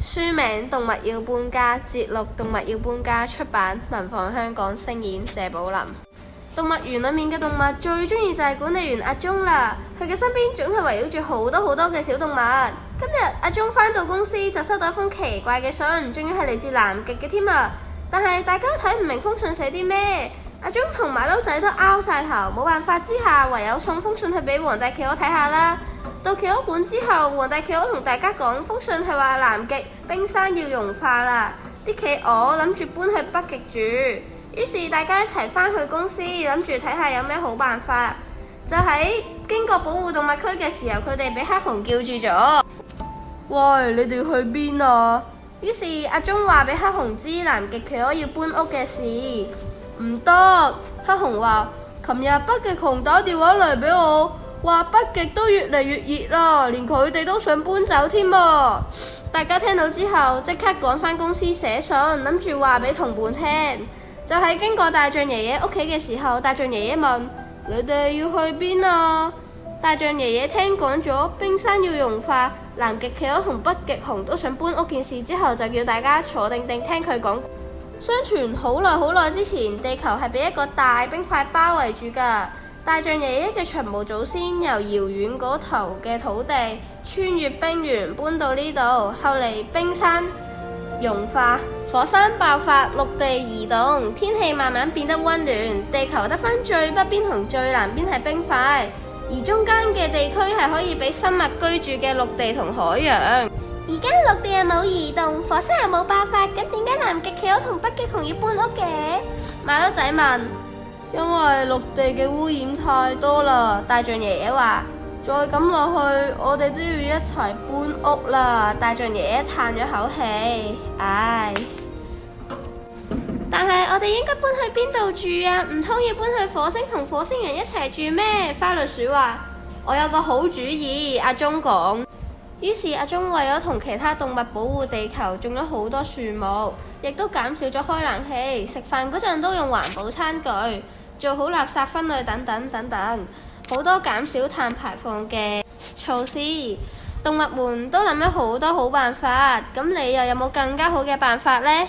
書名《動物要搬家》，節錄《動物要搬家》，出版文房香港聲演謝寶琳。動物園裏面嘅動物最鍾意就係管理員阿忠啦，佢嘅身邊總係圍繞住好多好多嘅小動物。今日阿忠返到公司就收到一封奇怪嘅信，仲要係嚟自南極嘅添啊！但係大家都睇唔明封信寫啲咩。阿忠同馬騮仔都拗晒頭，冇辦法之下，唯有送封信去俾皇帝企鵝睇下啦。到企鵝館之後，皇帝企鵝同大家講封信，係話南極冰山要融化啦，啲企鵝諗住搬去北極住。於是大家一齊返去公司，諗住睇下有咩好辦法。就喺經過保護動物區嘅時候，佢哋俾黑熊叫住咗。喂，你哋去邊啊？於是阿忠話俾黑熊知南極企鵝要搬屋嘅事。唔得，黑熊話：琴日北極熊打電話嚟俾我，話北極都越嚟越熱啦，連佢哋都想搬走添噃，啊。大家聽到之後，即刻趕返公司寫信，諗住話俾同伴聽。就喺經過大象爺爺屋企嘅時候，大象爺爺問：你哋要去邊啊？大象爺爺聽講咗，冰山要融化，南極企鵝同北極熊都想搬屋件事之後，就叫大家坐定定聽佢講。相傳好耐好耐之前，地球係俾一個大冰塊包圍住噶。大象爺爺嘅長毛祖先由遙遠嗰頭嘅土地穿越冰原搬到呢度。後嚟冰山融化，火山爆發，陸地移動，天氣慢慢變得溫暖，地球得翻最北邊同最南邊係冰塊，而中間嘅地區係可以俾生物居住嘅陸地同海洋。而家陸地又冇移動，火星又冇辦法，咁點解南極企鵝同北極熊要搬屋嘅？馬騮仔問。因為陸地嘅污染太多啦，大象爺爺話：再咁落去，我哋都要一齊搬屋啦。大象爺爺嘆咗口氣：唉。但係我哋應該搬去邊度住啊？唔通要搬去火星同火星人一齊住咩？花栗鼠話：我有個好主意。阿忠講。中於是阿忠為咗同其他動物保護地球，種咗好多樹木，亦都減少咗開冷氣、食飯嗰陣都用環保餐具、做好垃圾分類等等等等，好多減少碳排放嘅措施。動物們都諗咗好多好辦法，咁你又有冇更加好嘅辦法呢？